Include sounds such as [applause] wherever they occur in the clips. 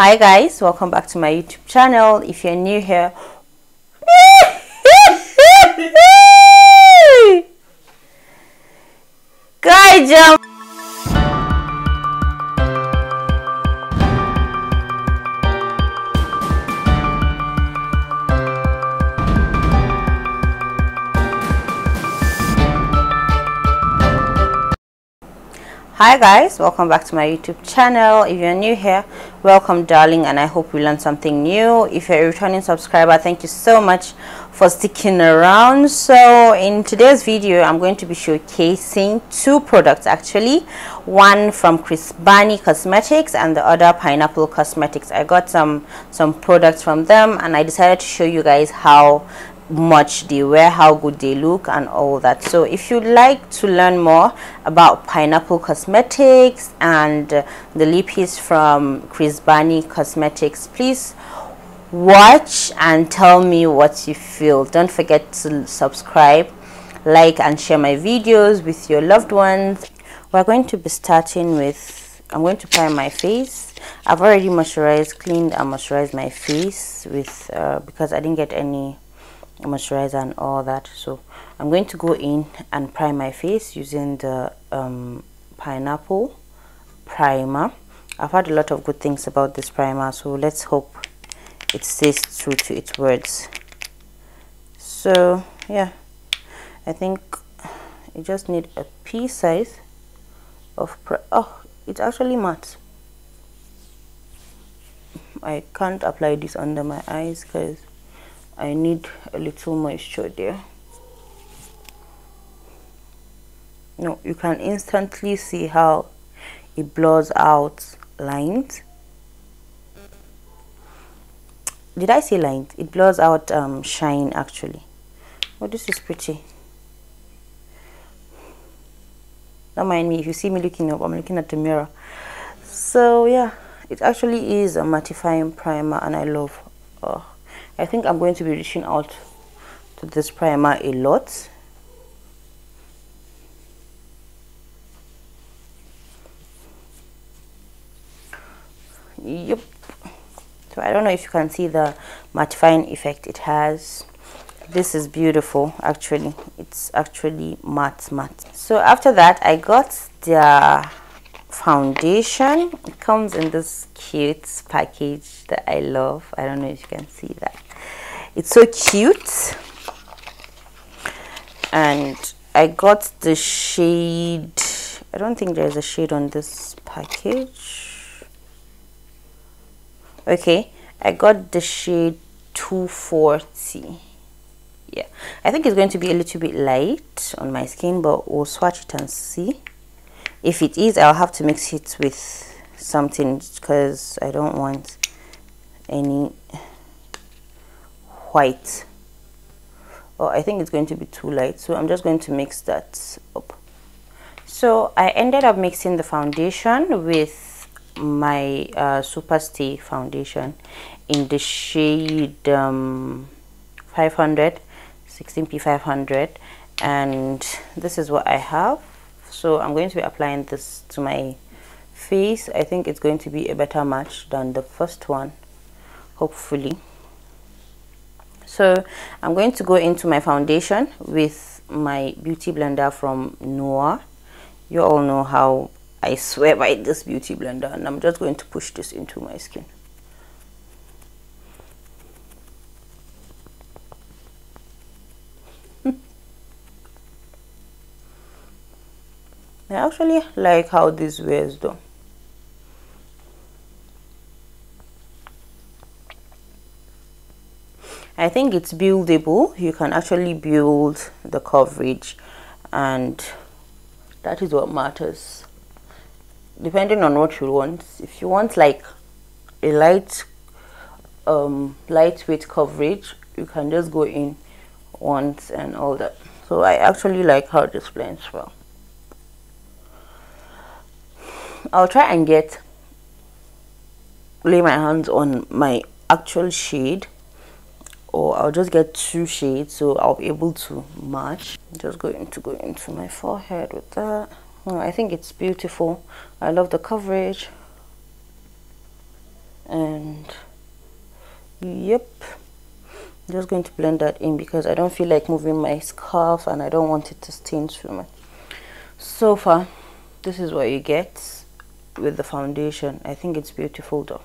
hi guys welcome back to my youtube channel if you're new here guy jump hi guys welcome back to my youtube channel if you're new here welcome darling and i hope you learned something new if you're a returning subscriber thank you so much for sticking around so in today's video i'm going to be showcasing two products actually one from crispani cosmetics and the other pineapple cosmetics i got some some products from them and i decided to show you guys how much they wear, how good they look and all that. So if you'd like to learn more about Pineapple Cosmetics and uh, the lip is from Chris Barney Cosmetics, please watch and tell me what you feel. Don't forget to subscribe, like and share my videos with your loved ones. We're going to be starting with I'm going to prime my face. I've already moisturized, cleaned and moisturized my face with uh, because I didn't get any moisturizer and all that so I'm going to go in and prime my face using the um, pineapple primer I've heard a lot of good things about this primer so let's hope it stays true to its words so yeah I think you just need a pea size of oh it's actually matte I can't apply this under my eyes because I need a little moisture there now you can instantly see how it blurs out lines did I say lines it blurs out um, shine actually oh this is pretty don't mind me if you see me looking up I'm looking at the mirror so yeah it actually is a mattifying primer and I love oh I think I'm going to be reaching out to this primer a lot yep so I don't know if you can see the mattifying effect it has this is beautiful actually it's actually matte matte so after that I got the foundation it comes in this cute package that I love I don't know if you can see that it's so cute and I got the shade I don't think there's a shade on this package okay I got the shade 240 yeah I think it's going to be a little bit light on my skin but we'll swatch it and see if it is I'll have to mix it with something because I don't want any white oh I think it's going to be too light so I'm just going to mix that up so I ended up mixing the foundation with my uh, Superstay foundation in the shade um, 500 16p 500 and this is what I have so I'm going to be applying this to my face I think it's going to be a better match than the first one hopefully so i'm going to go into my foundation with my beauty blender from noah you all know how i swear by this beauty blender and i'm just going to push this into my skin [laughs] I actually like how this wears though. I think it's buildable. You can actually build the coverage and that is what matters. Depending on what you want. If you want like a light um, lightweight coverage, you can just go in once and all that. So I actually like how this blends well. I'll try and get lay my hands on my actual shade or oh, I'll just get two shades so I'll be able to match just going to go into my forehead with that oh, I think it's beautiful I love the coverage and yep I'm just going to blend that in because I don't feel like moving my scarf and I don't want it to stain too much so far this is what you get with the foundation I think it's beautiful though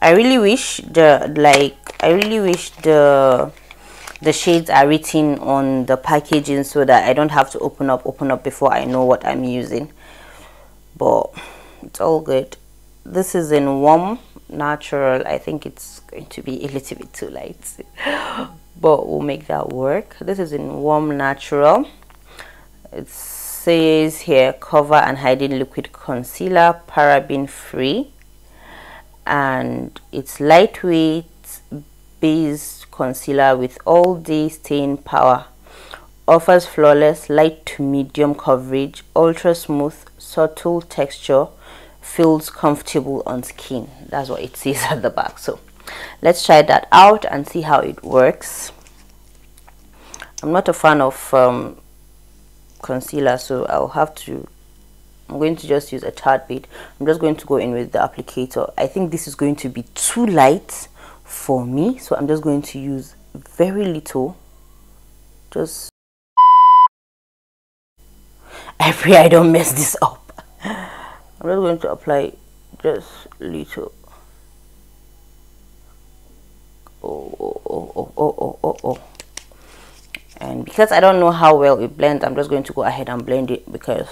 I really wish the like I really wish the the shades are written on the packaging so that I don't have to open up open up before I know what I'm using but it's all good this is in warm natural I think it's going to be a little bit too light [gasps] but we'll make that work this is in warm natural it says here cover and hiding liquid concealer paraben free and it's lightweight base concealer with all day staying power offers flawless light to medium coverage ultra smooth subtle texture feels comfortable on skin that's what it says [laughs] at the back so let's try that out and see how it works i'm not a fan of um, concealer so i'll have to I'm going to just use a tad bit. I'm just going to go in with the applicator. I think this is going to be too light for me. So I'm just going to use very little. Just. I [laughs] pray I don't mess this up. I'm just going to apply just little. Oh oh, oh, oh, oh, oh, oh, oh, oh. And because I don't know how well it blends, I'm just going to go ahead and blend it because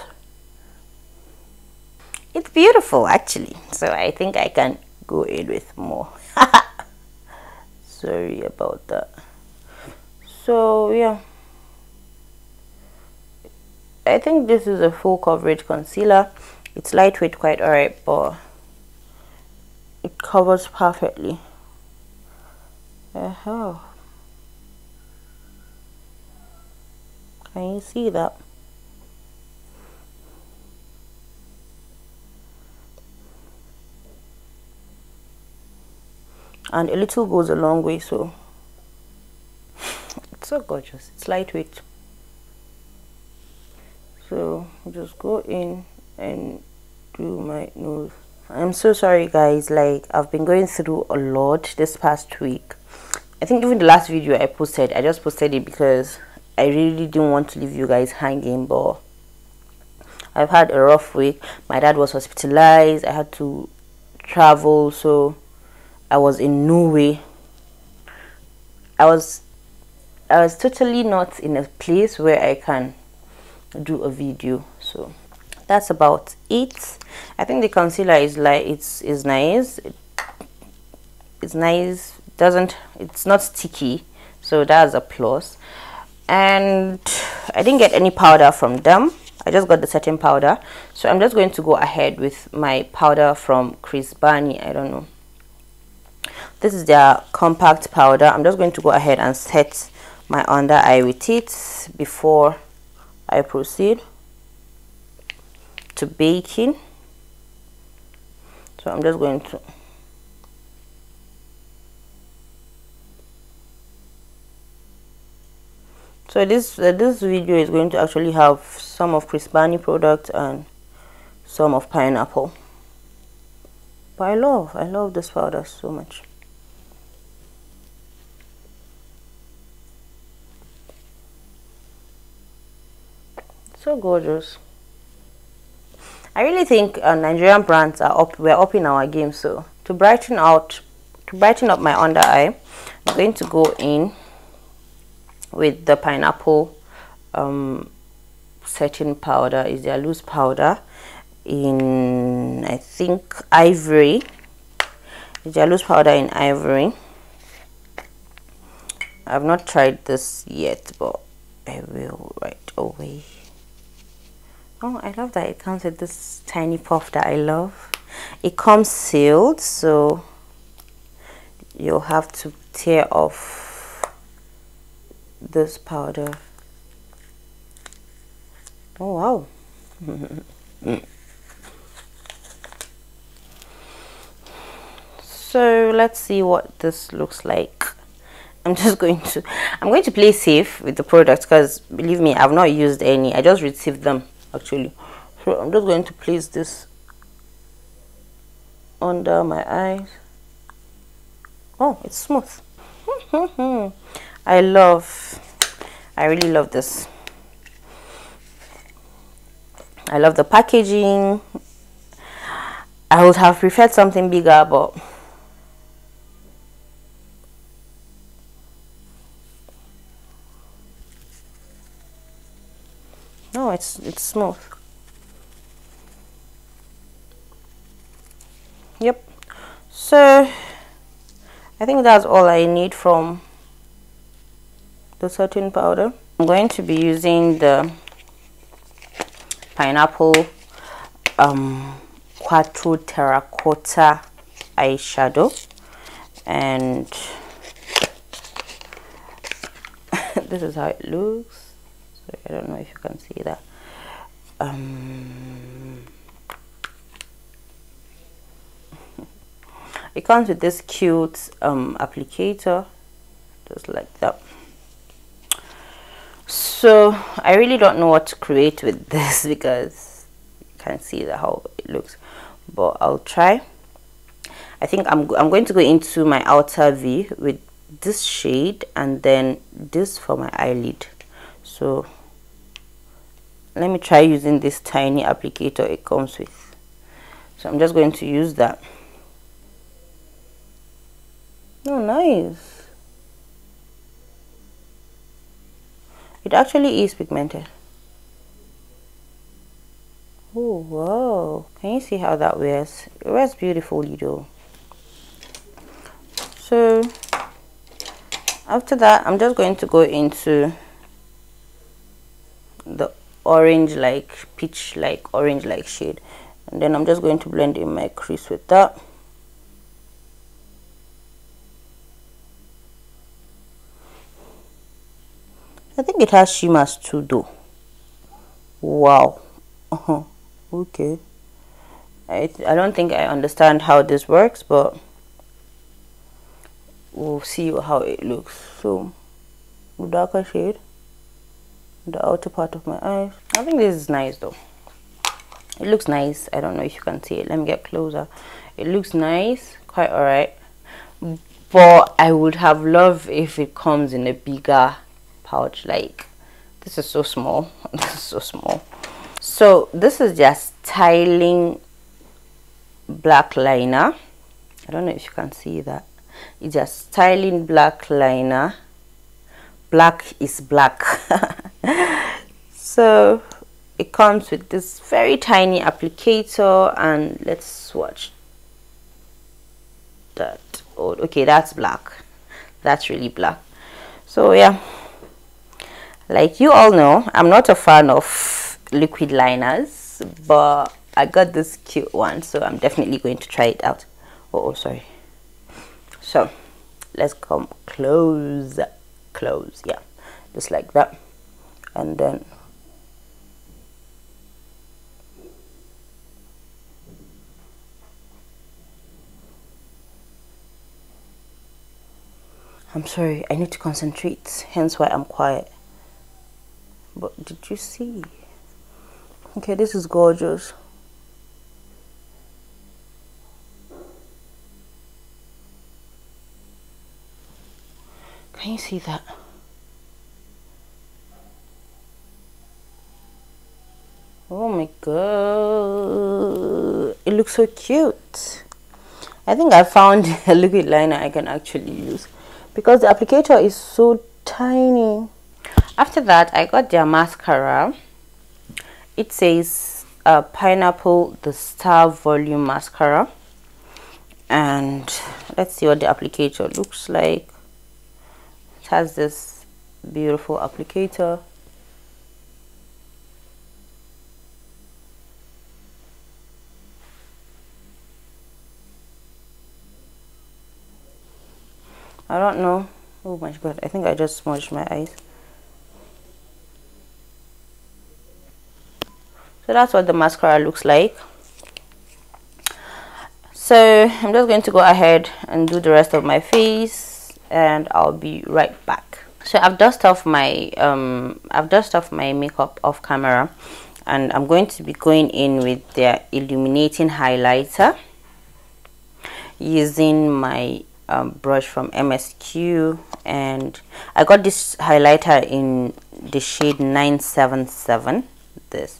it's beautiful actually. So I think I can go in with more. [laughs] Sorry about that. So yeah. I think this is a full coverage concealer. It's lightweight quite alright but it covers perfectly. Uh -huh. Can you see that? and a little goes a long way so [sighs] it's so gorgeous it's lightweight so just go in and do my nose i'm so sorry guys like i've been going through a lot this past week i think even the last video i posted i just posted it because i really didn't want to leave you guys hanging but i've had a rough week my dad was hospitalized i had to travel so I was in no way. I was I was totally not in a place where I can do a video. So that's about it. I think the concealer is like it's is nice. it's nice. Doesn't it's not sticky. So that's a plus. And I didn't get any powder from them. I just got the setting powder. So I'm just going to go ahead with my powder from Chris Barney. I don't know this is their compact powder i'm just going to go ahead and set my under eye with it before i proceed to baking so i'm just going to so this uh, this video is going to actually have some of Crispani products and some of pineapple but I love I love this powder so much So gorgeous. I really think uh, Nigerian brands are up. We're up in our game. So to brighten out, to brighten up my under eye, I'm going to go in with the pineapple um, setting powder. Is there loose powder in I think ivory. Is their loose powder in ivory. I've not tried this yet, but I will right away oh I love that it comes with this tiny puff that I love it comes sealed so you'll have to tear off this powder oh wow [laughs] so let's see what this looks like I'm just [laughs] going to I'm going to play safe with the products because believe me I've not used any I just received them actually so I'm just going to place this under my eyes oh it's smooth [laughs] I love I really love this I love the packaging I would have preferred something bigger but it's, it's smooth. Yep. So I think that's all I need from the setting powder. I'm going to be using the pineapple um, quattro terracotta eyeshadow and [laughs] this is how it looks I don't know if you can see that um, [laughs] it comes with this cute um, applicator just like that so I really don't know what to create with [laughs] this because you can't see the, how it looks but I'll try I think I'm, I'm going to go into my outer V with this shade and then this for my eyelid so let me try using this tiny applicator it comes with so I'm just going to use that oh nice it actually is pigmented oh wow can you see how that wears it wears beautifully though so after that I'm just going to go into the orange like peach like orange like shade and then I'm just going to blend in my crease with that I think it has shimmers too though wow uh -huh. okay I, I don't think I understand how this works but we'll see how it looks so darker shade the outer part of my eyes i think this is nice though it looks nice i don't know if you can see it let me get closer it looks nice quite all right but i would have loved if it comes in a bigger pouch like this is so small [laughs] this is so small so this is just styling black liner i don't know if you can see that it's just styling black liner black is black [laughs] so it comes with this very tiny applicator and let's swatch that oh okay that's black that's really black so yeah like you all know i'm not a fan of liquid liners but i got this cute one so i'm definitely going to try it out oh, oh sorry so let's come close close yeah just like that and then I'm sorry, I need to concentrate, hence why I'm quiet. But did you see? Okay, this is gorgeous. Can you see that? oh my god it looks so cute i think i found [laughs] a liquid liner i can actually use because the applicator is so tiny after that i got their mascara it says uh, pineapple the star volume mascara and let's see what the applicator looks like it has this beautiful applicator I don't know. Oh my god, I think I just smudged my eyes. So that's what the mascara looks like. So I'm just going to go ahead and do the rest of my face and I'll be right back. So I've dusted off my um I've dusted off my makeup off camera and I'm going to be going in with the illuminating highlighter using my um, brush from MSQ and I got this highlighter in the shade 977 this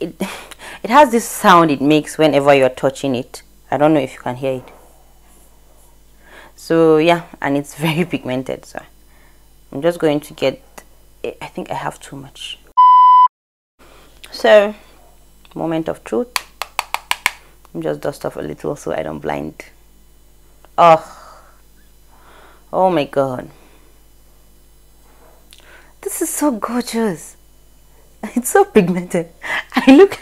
it [laughs] it has this sound it makes whenever you're touching it I don't know if you can hear it so yeah and it's [laughs] very pigmented so I'm just going to get eh, I think I have too much so moment of truth I'm just dust off a little so I don't blind oh Oh my god. This is so gorgeous. [laughs] It's so pigmented. [laughs] I look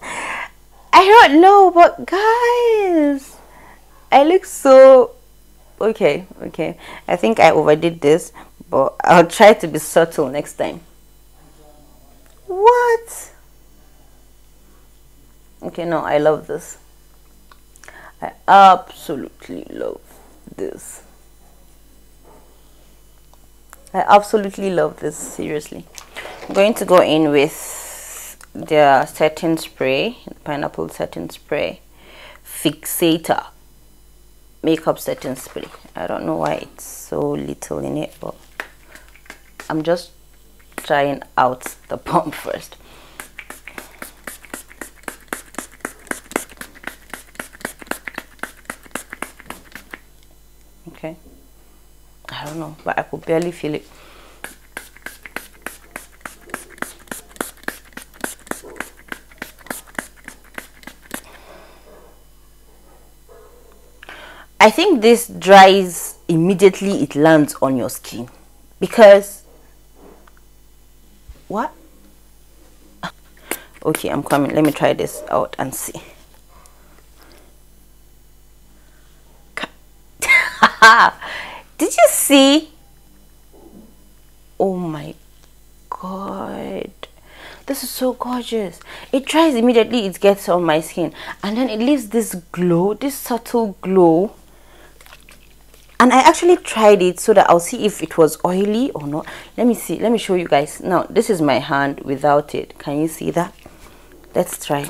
[laughs] I don't know, but guys, I look so okay, okay. I think I overdid this, but I'll try to be subtle next time. What? Okay, no, I love this. I absolutely love this. I absolutely love this seriously I'm going to go in with the setting spray pineapple setting spray fixator makeup setting spray I don't know why it's so little in it but I'm just trying out the [laughs] pump first don't know, but I could barely feel it. I think this dries immediately it lands on your skin because what [laughs] okay I'm coming let me try this out and see Did you see? Oh my god. This is so gorgeous. It dries immediately, it gets on my skin. And then it leaves this glow, this subtle glow. And I actually tried it so that I'll see if it was oily or not. Let me see. Let me show you guys. Now, this is my hand without it. Can you see that? Let's try.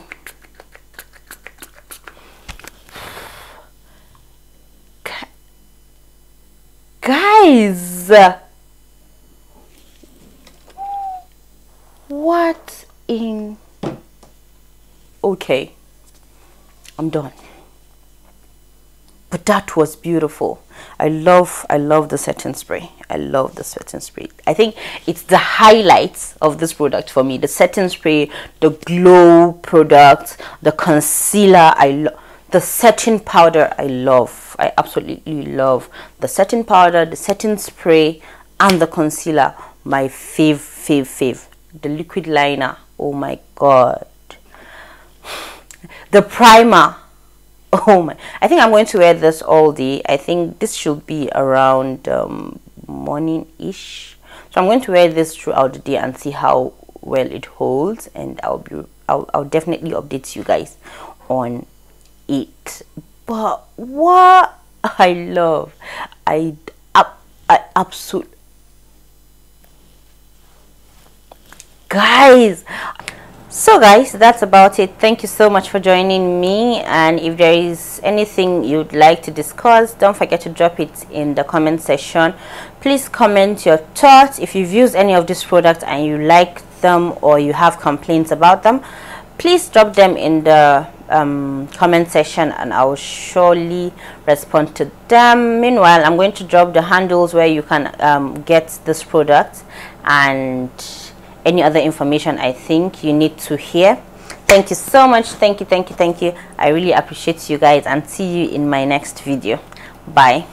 is. What in... Okay, I'm done. But that was beautiful. I love, I love the setting spray. I love the setting spray. I think it's the highlights of this product for me. The setting spray, the glow product, the concealer. I love the setting powder i love i absolutely love the setting powder the setting spray and the concealer my fave fave fave the liquid liner oh my god [sighs] the primer [laughs] oh my i think i'm going to wear this all day i think this should be around um, morning ish so i'm going to wear this throughout the day and see how well it holds and i'll be i'll, I'll definitely update you guys on eat. But what I love, I, up, I absolute. Guys, so guys that's about it thank you so much for joining me and if there is anything you'd like to discuss don't forget to drop it in the comment section please comment your thoughts if you've used any of these products and you like them or you have complaints about them please drop them in the um, comment section and I will surely respond to them. Meanwhile, I'm going to drop the handles where you can um, get this product and any other information I think you need to hear. Thank you so much. Thank you, thank you, thank you. I really appreciate you guys and see you in my next video. Bye.